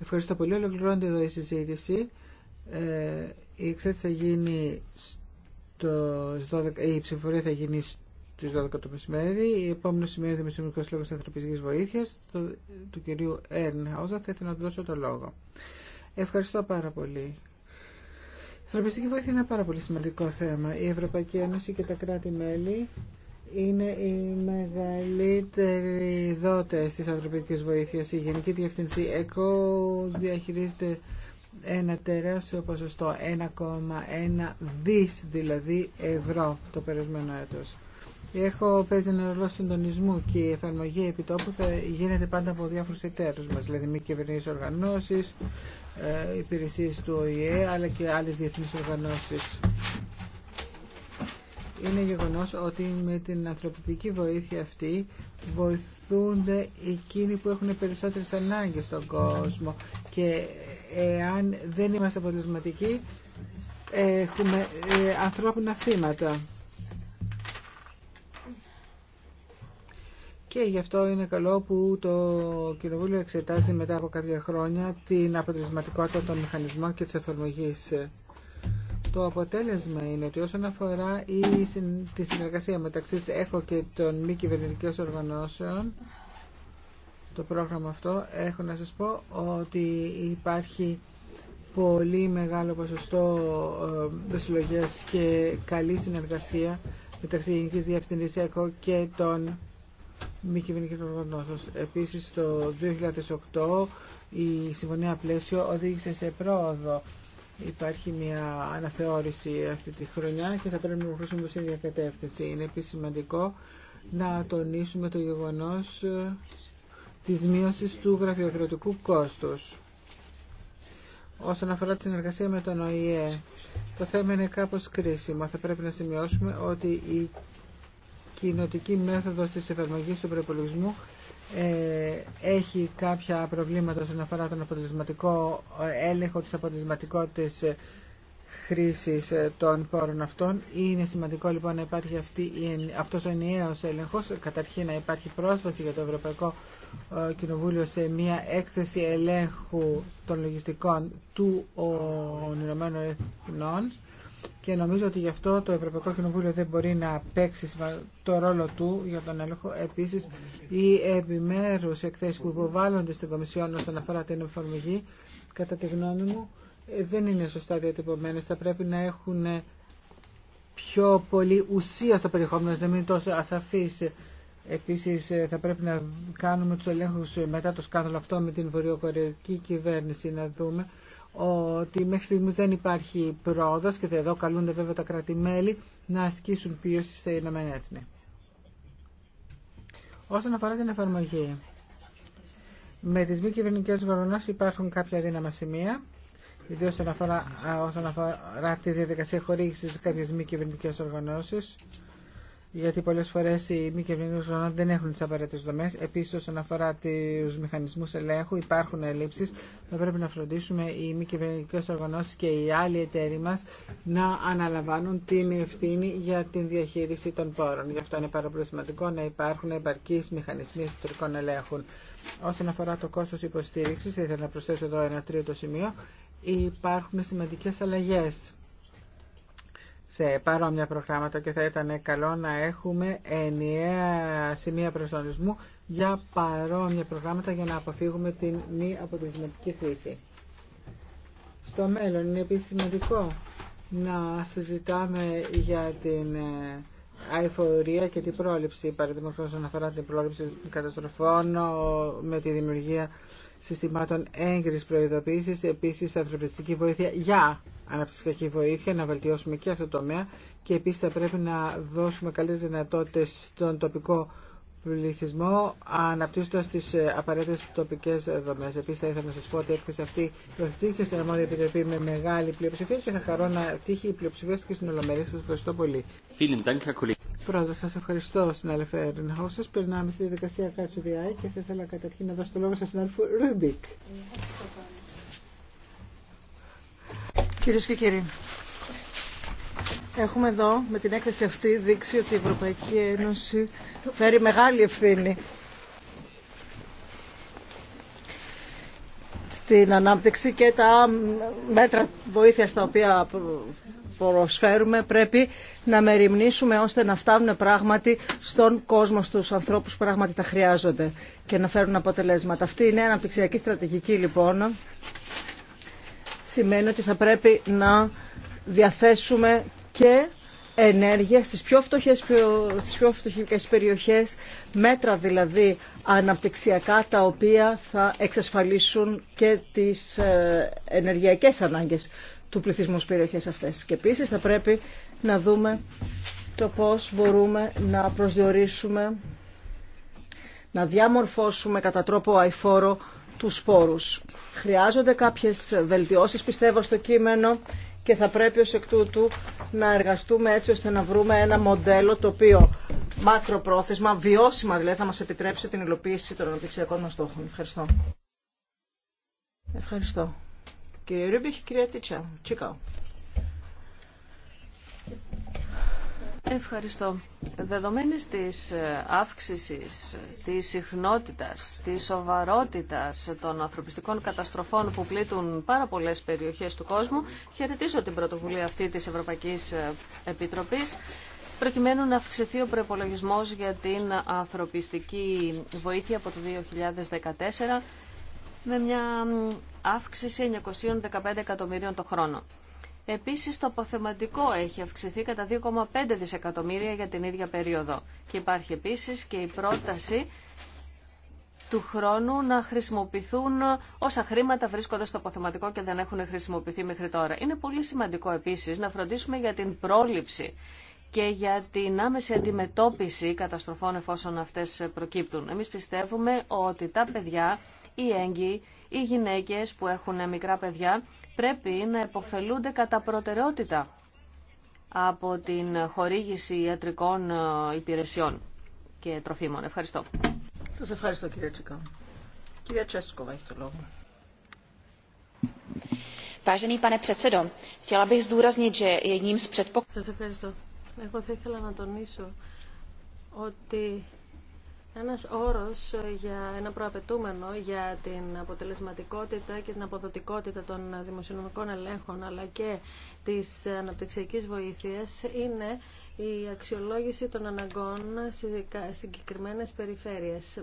Ευχαριστώ πολύ. Ολοκληρώνεται εδώ η συζήτηση. Ε, η εξέταση θα γίνει στο 12, η ψηφοφορία θα γίνει στις 12 το μεσημέρι. Η επόμενη σημεία είναι Δημοσιονομικός Λόγος Ανθρωπιστικής Βοήθειας του, του κυρίου Χάουζα. Θα ήθελα να του δώσω το λόγο. Ευχαριστώ πάρα πολύ. Η ανθρωπιστική βοήθεια είναι ένα πάρα πολύ σημαντικό θέμα. Η Ευρωπαϊκή Ένωση και τα κράτη-μέλη είναι οι μεγαλύτεροι δότε της ανθρωπικής βοήθειας. Η Γενική Διευθυνσή ΕΚΟ διαχειρίζεται ένα τεράστιο ποσοστό, 1,1 δις δηλαδή ευρώ το περασμένο έτος. Έχω παίζει ένα ρόλο συντονισμού και η εφαρμογή επιτόπου θα γίνεται πάντα από διάφορους εταίρους μας, δηλαδή μη κυβερνήσεις οργανώσεις, ε, υπηρεσίες του ΟΗΕ, αλλά και άλλες διεθνείς οργανώσεις είναι γεγονός ότι με την ανθρωπιστική βοήθεια αυτή βοηθούνται εκείνοι που έχουν περισσότερες ανάγκες στον κόσμο και εάν δεν είμαστε αποτελεσματικοί έχουμε ε, ανθρώπινα θύματα. Και γι' αυτό είναι καλό που το Κοινοβούλιο εξετάζει μετά από κάποια χρόνια την αποτελεσματικότητα των μηχανισμών και της εφαρμογής το αποτέλεσμα είναι ότι όσον αφορά η, τη συνεργασία μεταξύ της έχω και των μη κυβερνητικών οργανώσεων, το πρόγραμμα αυτό, έχω να σας πω ότι υπάρχει πολύ μεγάλο ποσοστό ε, συλλογές και καλή συνεργασία μεταξύ Γενικής Διευθυντής ΕΚΟ και των μη κυβερνητικών οργανώσεων. Επίσης, το 2008 η Συμφωνία Πλαίσιο οδήγησε σε πρόοδο υπάρχει μια αναθεώρηση αυτή τη χρονιά και θα πρέπει να προχωρήσουμε σε διακατεύθυνση. Είναι επίσης σημαντικό να τονίσουμε το γεγονός ε, της μείωσης του γραφειοκρατικού κόστους. Όσον αφορά τη συνεργασία με τον ΟΗΕ, το θέμα είναι κάπως κρίσιμο. Θα πρέπει να σημειώσουμε ότι η κοινοτική μέθοδος τη εφαρμογή του προπολογισμού ε, έχει κάποια προβλήματα όσον αφορά τον αποτελεσματικό ε, έλεγχο της αποτελεσματικότητα ε, χρήση των πόρων αυτών. Είναι σημαντικό λοιπόν να υπάρχει αυτή, αυτός ο ενιαίος έλεγχος. Καταρχήν να υπάρχει πρόσβαση για το Ευρωπαϊκό Κοινοβούλιο σε μια έκθεση ελέγχου των λογιστικών του ΟΕΕ και νομίζω ότι γι' αυτό το Ευρωπαϊκό Κοινοβούλιο δεν μπορεί να παίξει το ρόλο του για τον έλεγχο. Επίση, οι επιμέρου εκθέσει που υποβάλλονται στην Κομισιόν όσον αφορά την εφαρμογή, κατά τη γνώμη μου, ε, δεν είναι σωστά διατυπωμένε. Θα πρέπει να έχουν πιο πολύ ουσία στο περιεχόμενο, να μην είναι τόσο ασαφή, Επίση, ε, θα πρέπει να κάνουμε του ελέγχου μετά το σκάνδαλο αυτό με την βορειοκορεϊκή κυβέρνηση, να δούμε ότι μέχρι στιγμής δεν υπάρχει πρόοδος και εδώ καλούνται βέβαια τα κρατη να ασκήσουν πίωση στα Ηνωμένα Έθνη. Όσον αφορά την εφαρμογή, με τις μη κυβερνικέ οργανώσει υπάρχουν κάποια δύναμα σημεία, ιδίως όσον αφορά, όσον αφορά τη διαδικασία χορήγησης κάποιες μη κυβερνικές οργανώσεις, γιατί πολλές φορές οι μη κυβερνητικές οργανώσεις δεν έχουν τις απαραίτητες δομές. Επίσης, όσον αφορά τους μηχανισμούς ελέγχου, υπάρχουν ελλείψεις. Θα πρέπει να φροντίσουμε οι μη κυβερνητικέ οργανώσεις και οι άλλοι εταίροι μας να αναλαμβάνουν την ευθύνη για την διαχείριση των πόρων. Γι' αυτό είναι πάρα πολύ σημαντικό να υπάρχουν επαρκείς μηχανισμοί εσωτερικών ελέγχων. Όσον αφορά το κόστος υποστήριξης, θα ήθελα να προσθέσω εδώ ένα τρίτο σημείο, υπάρχουν σημαντικέ αλλαγέ σε παρόμοια προγράμματα και θα ήταν καλό να έχουμε ενιαία σημεία προσδορισμού για παρόμοια προγράμματα για να αποφύγουμε την μη αποτελεσματική χρήση. Στο μέλλον είναι επίσης σημαντικό να συζητάμε για την ε, αηφορία και την πρόληψη, παραδείγματος όσον αφορά την πρόληψη καταστροφών με τη δημιουργία συστημάτων έγκρισης προειδοποίησης, επίσης ανθρωπιστική βοήθεια για αναπτυξιακή βοήθεια, να βελτιώσουμε και αυτό το τομέα και επίσης θα πρέπει να δώσουμε καλές δυνατότητες στον τοπικό πληθυσμό αναπτύσσοντας τις ε, απαραίτητες τοπικές δομές. Επίσης θα ήθελα να σας πω ότι έρχεται αυτή και στην αρμόδια επιτροπή με μεγάλη πλειοψηφία και θα χαρώ να τύχει η πλειοψηφία και στην Ολομερή. Σας ευχαριστώ πολύ. Πρόεδρο, σα ευχαριστώ, συνάδελφε Ερνχάου. Σα περνάμε στη διαδικασία Κάτσου και θα ήθελα καταρχήν να δώσω το λόγο στον συνάδελφο Ρούμπικ. Κυρίε και κύριοι, έχουμε εδώ με την έκθεση αυτή δείξει ότι η Ευρωπαϊκή Ένωση φέρει μεγάλη ευθύνη στην ανάπτυξη και τα μέτρα βοήθεια τα οποία προσφέρουμε πρέπει να μεριμνήσουμε ώστε να φτάνουν πράγματι στον κόσμο, στους ανθρώπους που πράγματι τα χρειάζονται και να φέρουν αποτελέσματα. Αυτή η αναπτυξιακή στρατηγική λοιπόν σημαίνει ότι θα πρέπει να διαθέσουμε και ενέργεια στις πιο, φτωχές, στις πιο περιοχές, μέτρα δηλαδή αναπτυξιακά τα οποία θα εξασφαλίσουν και τις ε, ενεργειακές ανάγκες του πληθυσμού στις περιοχές αυτές. Και επίσης θα πρέπει να δούμε το πώς μπορούμε να προσδιορίσουμε, να διαμορφώσουμε κατά τρόπο αιφόρο τους σπόρους. Χρειάζονται κάποιες βελτιώσεις πιστεύω στο κείμενο και θα πρέπει ως εκ τούτου να εργαστούμε έτσι ώστε να βρούμε ένα μοντέλο το οποίο μακροπρόθεσμα, βιώσιμα δηλαδή, θα μας επιτρέψει την υλοποίηση των αναπτυξιακών μας στόχων. Ευχαριστώ. Ευχαριστώ. Κύριε Ρούμπιχ, κυρία Τίτσα. Τσίκαο. Ευχαριστώ. Δεδομένης της ε, αύξησης, της συχνότητας, της σοβαρότητας των ανθρωπιστικών καταστροφών που πλήττουν πάρα πολλές περιοχές του κόσμου, χαιρετίζω την πρωτοβουλία αυτή της Ευρωπαϊκής ε, Επιτροπής προκειμένου να αυξηθεί ο προπολογισμό για την ανθρωπιστική βοήθεια από το 2014 με μια αύξηση 915 εκατομμυρίων το χρόνο. Επίσης το αποθεματικό έχει αυξηθεί κατά 2,5 δισεκατομμύρια για την ίδια περίοδο. Και υπάρχει επίσης και η πρόταση του χρόνου να χρησιμοποιηθούν όσα χρήματα βρίσκονται στο αποθεματικό και δεν έχουν χρησιμοποιηθεί μέχρι τώρα. Είναι πολύ σημαντικό επίσης να φροντίσουμε για την πρόληψη και για την άμεση αντιμετώπιση καταστροφών εφόσον αυτές προκύπτουν. Εμείς πιστεύουμε ότι τα παιδιά οι έγκυοι, οι γυναίκες που έχουν μικρά παιδιά πρέπει να υποφελούνται κατά προτεραιότητα από την χορήγηση ιατρικών ε, υπηρεσιών και τροφίμων. Ευχαριστώ. Σας ευχαριστώ κύριε Τσικά. Κυρία Τσέσκοβα έχει το λόγο. Σας ευχαριστώ. Εγώ θα ήθελα να τονίσω ότι ένας όρος ε, για ένα προαπαιτούμενο για την αποτελεσματικότητα και την αποδοτικότητα των δημοσιονομικών ελέγχων αλλά και της αναπτυξιακής βοήθειας είναι η αξιολόγηση των αναγκών σε συγκεκριμένες περιφέρειες.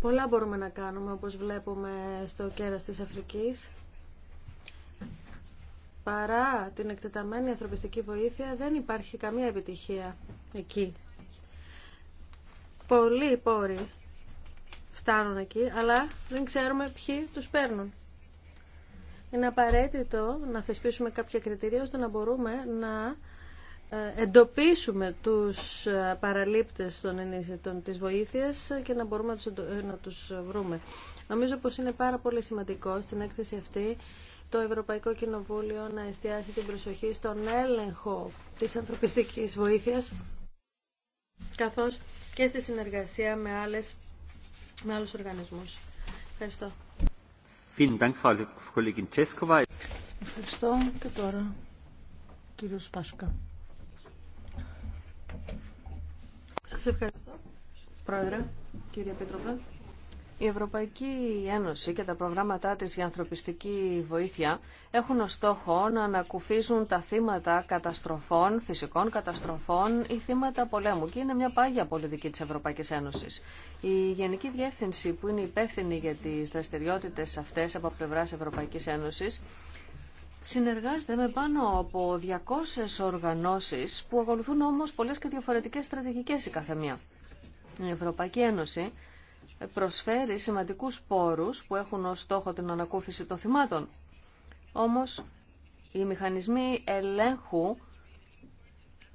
Πολλά μπορούμε να κάνουμε όπως βλέπουμε στο κέρας της Αφρικής παρά την εκτεταμένη ανθρωπιστική βοήθεια δεν υπάρχει καμία επιτυχία εκεί. Πολλοί πόροι φτάνουν εκεί, αλλά δεν ξέρουμε ποιοι τους παίρνουν. Είναι απαραίτητο να θεσπίσουμε κάποια κριτήρια ώστε να μπορούμε να ε, εντοπίσουμε τους ε, παραλήπτες των ενίσχυτων της βοήθειας και να μπορούμε να τους ε, βρούμε. Νομίζω πως είναι πάρα πολύ σημαντικό στην έκθεση αυτή το Ευρωπαϊκό Κοινοβούλιο να εστιάσει την προσοχή στον έλεγχο της ανθρωπιστικής βοήθειας καθώς και στη συνεργασία με, άλλες, με άλλους οργανισμούς. Ευχαριστώ. Ευχαριστώ και τώρα Σας ευχαριστώ, Πρόεδρε, κύριε η Ευρωπαϊκή Ένωση και τα προγράμματά της για ανθρωπιστική βοήθεια έχουν ως στόχο να ανακουφίζουν τα θύματα καταστροφών, φυσικών καταστροφών ή θύματα πολέμου και είναι μια πάγια πολιτική της Ευρωπαϊκής Ένωσης. Η Γενική Διεύθυνση που είναι υπεύθυνη για τις δραστηριότητες αυτές από πλευράς Ευρωπαϊκής Ένωσης συνεργάζεται με πάνω από 200 οργανώσεις που ακολουθούν όμως πολλές και διαφορετικές στρατηγικές η καθεμία. Η Ευρωπαϊκή Ένωση προσφέρει σημαντικούς πόρους που έχουν ως στόχο την ανακούφιση των θυμάτων. Όμως, οι μηχανισμοί ελέγχου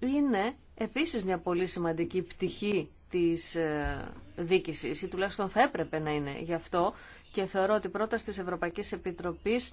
είναι επίσης μια πολύ σημαντική πτυχή της ε, δίκησης ή τουλάχιστον θα έπρεπε να είναι γι' αυτό και θεωρώ ότι πρώτα της Ευρωπαϊκής Επιτροπής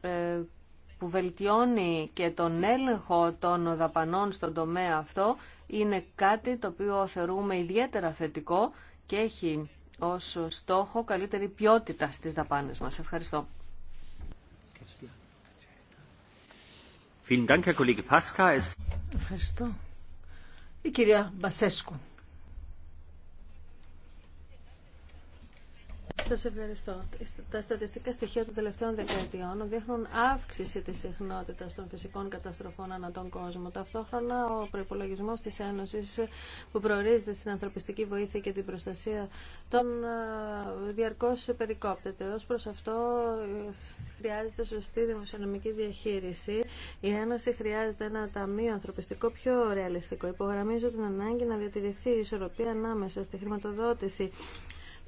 ε, που βελτιώνει και τον έλεγχο των δαπανών στον τομέα αυτό είναι κάτι το οποίο θεωρούμε ιδιαίτερα θετικό και έχει ως στόχο καλύτερη ποιότητα στις δαπάνες μας. Ευχαριστώ. Ευχαριστώ. Η κυρία Μπασέσκου. Σας ευχαριστώ. Τα στατιστικά στοιχεία των τελευταίων δεκαετιών δείχνουν αύξηση της συχνότητας των φυσικών καταστροφών ανά τον κόσμο. Ταυτόχρονα ο προπολογισμό της Ένωσης που προορίζεται στην ανθρωπιστική βοήθεια και την προστασία των διαρκώς περικόπτεται. Ως προς αυτό χρειάζεται σωστή δημοσιονομική διαχείριση. Η Ένωση χρειάζεται ένα ταμείο ανθρωπιστικό πιο ρεαλιστικό. Υπογραμμίζω την ανάγκη να διατηρηθεί η ισορροπία ανάμεσα στη χρηματοδότηση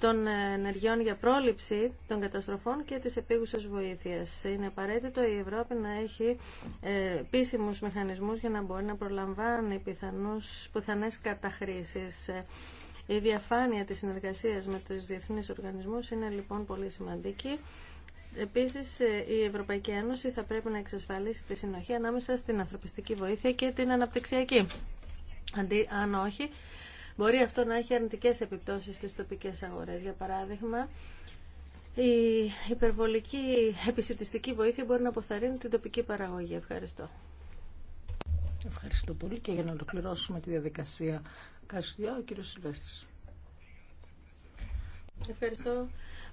των ενεργειών για πρόληψη των καταστροφών και της επίγουσας βοήθειας. Είναι απαραίτητο η Ευρώπη να έχει ε, επίσημους μηχανισμούς για να μπορεί να προλαμβάνει πιθανούς, πιθανές καταχρήσεις. Ε, η διαφάνεια της συνεργασίας με τους διεθνείς οργανισμούς είναι λοιπόν πολύ σημαντική. Επίσης, ε, η Ευρωπαϊκή Ένωση θα πρέπει να εξασφαλίσει τη συνοχή ανάμεσα στην ανθρωπιστική βοήθεια και την αναπτυξιακή. Αντί, αν όχι, Μπορεί αυτό να έχει αρνητικές επιπτώσεις στις τοπικές αγορές. Για παράδειγμα, η υπερβολική επισητιστική βοήθεια μπορεί να αποθαρρύνει την τοπική παραγωγή. Ευχαριστώ. Ευχαριστώ πολύ και για να ολοκληρώσουμε τη διαδικασία Ευχαριστώ, ο κύριος Ευχαριστώ,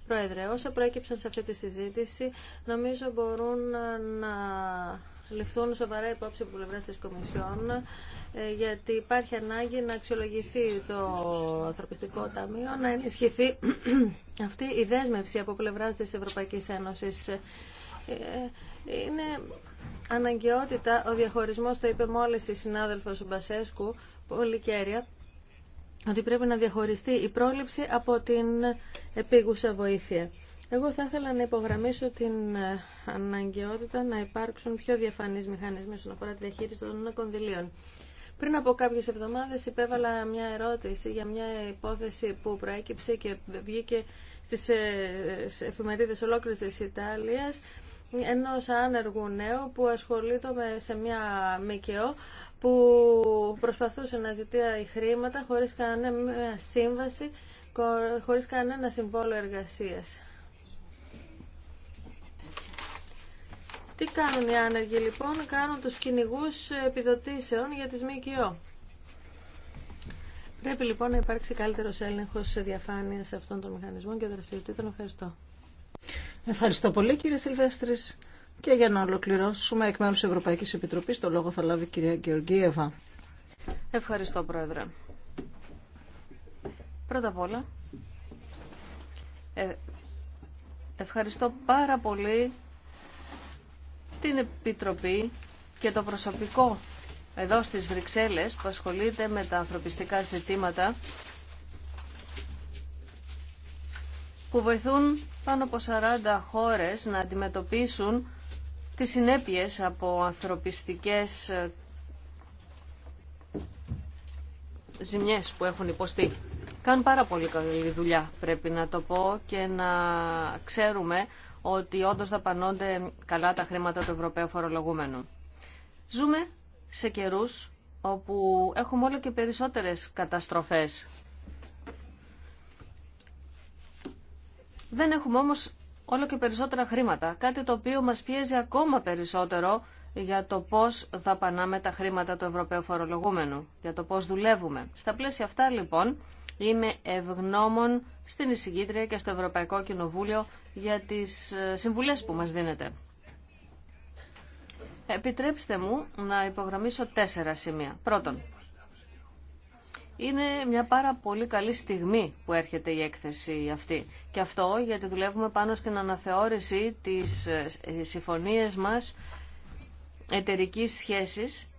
Πρόεδρε. Όσα προέκυψαν σε αυτή τη συζήτηση, νομίζω μπορούν να ληφθούν σοβαρά υπόψη από πλευρά τη Κομισιόν, ε, γιατί υπάρχει ανάγκη να αξιολογηθεί το ανθρωπιστικό ταμείο, να ενισχυθεί αυτή η δέσμευση από πλευρά τη Ευρωπαϊκή Ένωση. Ε, είναι αναγκαιότητα ο διαχωρισμό το είπε μόλις η συνάδελφο Μπασέσκου, πολύ κέρια, ότι πρέπει να διαχωριστεί η πρόληψη από την επίγουσα βοήθεια. Εγώ θα ήθελα να υπογραμμίσω την ε, αναγκαιότητα να υπάρξουν πιο διαφανείς μηχανισμοί όσον αφορά τη διαχείριση των κονδυλίων. Πριν από κάποιες εβδομάδες υπέβαλα μια ερώτηση για μια υπόθεση που προέκυψε και βγήκε στις ε, εφημερίδες ολόκληρη της Ιταλίας ενός άνεργου νέου που ασχολείται σε μια ΜΚΟ που προσπαθούσε να ζητεί χρήματα χωρί κανένα σύμβαση, χωρίς κανένα συμβόλο εργασίας. Τι κάνουν οι άνεργοι λοιπόν, κάνουν τους κυνηγού επιδοτήσεων για τις ΜΚΟ. Πρέπει λοιπόν να υπάρξει καλύτερος έλεγχος σε διαφάνεια σε αυτών των μηχανισμών και δραστηριοτήτων. Ευχαριστώ. Ευχαριστώ πολύ κύριε Σιλβέστρης. Και για να ολοκληρώσουμε εκ μέρους Ευρωπαϊκής Επιτροπής, το λόγο θα λάβει η κυρία Γεωργίευα. Ευχαριστώ Πρόεδρε. Πρώτα απ' όλα, ε, ευχαριστώ πάρα πολύ την Επιτροπή και το προσωπικό εδώ στις Βρυξέλλες που ασχολείται με τα ανθρωπιστικά ζητήματα που βοηθούν πάνω από 40 χώρες να αντιμετωπίσουν τις συνέπειες από ανθρωπιστικές ε, ζημιές που έχουν υποστεί. Κάνουν πάρα πολύ καλή δουλειά πρέπει να το πω και να ξέρουμε ότι όντω δαπανώνται καλά τα χρήματα του Ευρωπαίου φορολογούμενου. Ζούμε σε καιρού όπου έχουμε όλο και περισσότερες καταστροφές. Δεν έχουμε όμως όλο και περισσότερα χρήματα, κάτι το οποίο μας πιέζει ακόμα περισσότερο για το πώς δαπανάμε τα χρήματα του Ευρωπαίου φορολογούμενου, για το πώς δουλεύουμε. Στα πλαίσια αυτά λοιπόν Είμαι ευγνώμων στην εισηγήτρια και στο Ευρωπαϊκό Κοινοβούλιο για τις ε, συμβουλές που μας δίνετε. Επιτρέψτε μου να υπογραμμίσω τέσσερα σημεία. Πρώτον, είναι μια πάρα πολύ καλή στιγμή που έρχεται η έκθεση αυτή. Και αυτό γιατί δουλεύουμε πάνω στην αναθεώρηση της ε, συμφωνίας μας εταιρικής σχέσης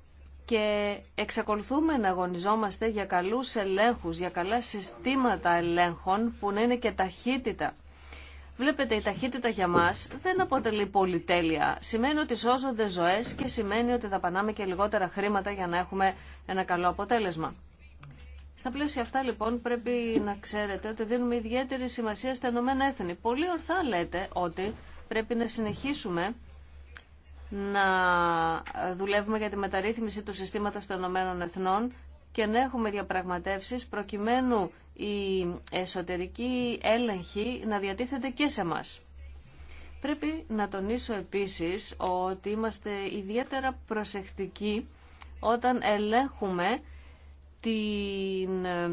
και εξακολουθούμε να αγωνιζόμαστε για καλούς ελέγχους, για καλά συστήματα ελέγχων που να είναι και ταχύτητα. Βλέπετε, η ταχύτητα για μας δεν αποτελεί πολυτέλεια. Σημαίνει ότι σώζονται ζωές και σημαίνει ότι θα πανάμε και λιγότερα χρήματα για να έχουμε ένα καλό αποτέλεσμα. Στα πλαίσια αυτά λοιπόν πρέπει να ξέρετε ότι δίνουμε ιδιαίτερη σημασία στα Ηνωμένα Έθνη. Πολύ ορθά λέτε ότι πρέπει να συνεχίσουμε να δουλεύουμε για τη μεταρρύθμιση του συστήματος των Ηνωμένων Εθνών και να έχουμε διαπραγματεύσεις προκειμένου η εσωτερική έλεγχη να διατίθεται και σε μας. Πρέπει να τονίσω επίσης ότι είμαστε ιδιαίτερα προσεκτικοί όταν ελέγχουμε την ε,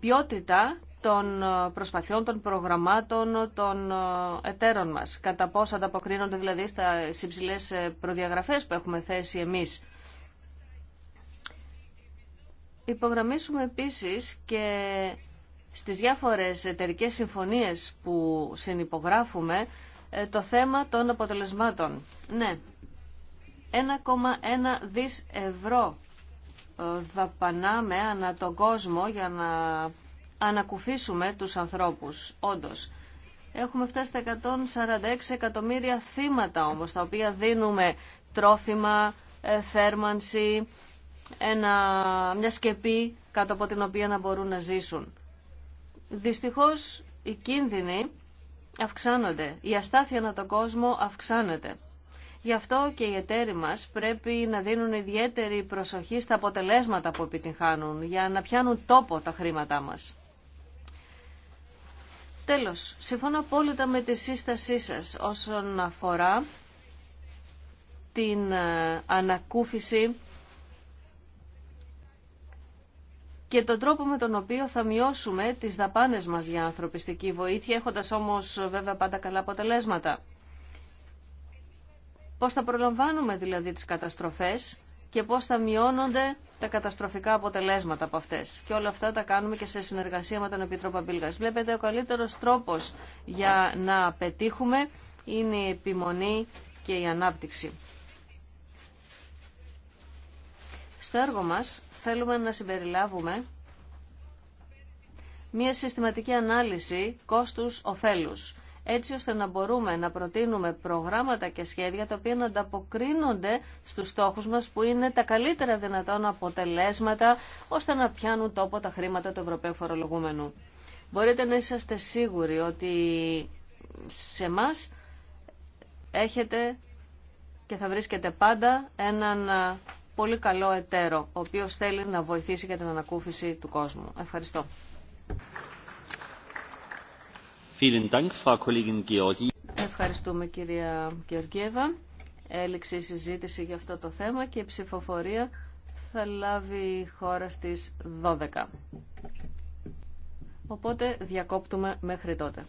ποιότητα των ε, προσπαθειών, των προγραμμάτων των ε, εταίρων μας. Κατά πόσο ανταποκρίνονται δηλαδή στα υψηλέ ε, προδιαγραφές που έχουμε θέσει εμείς. Υπογραμμίσουμε επίσης και στις διάφορες εταιρικέ συμφωνίες που συνυπογράφουμε το θέμα των αποτελεσμάτων. Ναι, 1,1 δις ευρώ δαπανάμε ανά τον κόσμο για να ανακουφίσουμε τους ανθρώπους, όντως. Έχουμε φτάσει στα 146 εκατομμύρια θύματα όμως, τα οποία δίνουμε τρόφιμα, ε, θέρμανση, ένα, μια σκεπή κάτω από την οποία να μπορούν να ζήσουν. Δυστυχώς οι κίνδυνοι αυξάνονται, η αστάθεια να το κόσμο αυξάνεται. Γι' αυτό και οι εταίροι μας πρέπει να δίνουν ιδιαίτερη προσοχή στα αποτελέσματα που επιτυγχάνουν για να πιάνουν τόπο τα χρήματά μας. Τέλος, συμφωνώ απόλυτα με τη σύστασή σας όσον αφορά την ε, ανακούφιση και τον τρόπο με τον οποίο θα μειώσουμε τις δαπάνες μας για ανθρωπιστική βοήθεια, έχοντας όμως βέβαια πάντα καλά αποτελέσματα. Πώς θα προλαμβάνουμε δηλαδή τις καταστροφές και πώς θα μειώνονται τα καταστροφικά αποτελέσματα από αυτές. Και όλα αυτά τα κάνουμε και σε συνεργασία με τον Επίτροπο Αμπίλγας. Βλέπετε, ο καλύτερος τρόπος για να πετύχουμε είναι η επιμονή και η ανάπτυξη. Στο έργο μας θέλουμε να συμπεριλάβουμε μία συστηματική ανάλυση κόστους-οφέλους έτσι ώστε να μπορούμε να προτείνουμε προγράμματα και σχέδια τα οποία να ανταποκρίνονται στους στόχους μας που είναι τα καλύτερα δυνατόν αποτελέσματα ώστε να πιάνουν τόπο τα χρήματα του Ευρωπαίου Φορολογούμενου. Μπορείτε να είσαστε σίγουροι ότι σε εμά έχετε και θα βρίσκετε πάντα έναν πολύ καλό εταίρο, ο οποίος θέλει να βοηθήσει για την ανακούφιση του κόσμου. Ευχαριστώ. Ευχαριστούμε κυρία Γεωργίεβα. Έληξε η συζήτηση για αυτό το θέμα και η ψηφοφορία θα λάβει χώρα στις 12. Οπότε διακόπτουμε μέχρι τότε.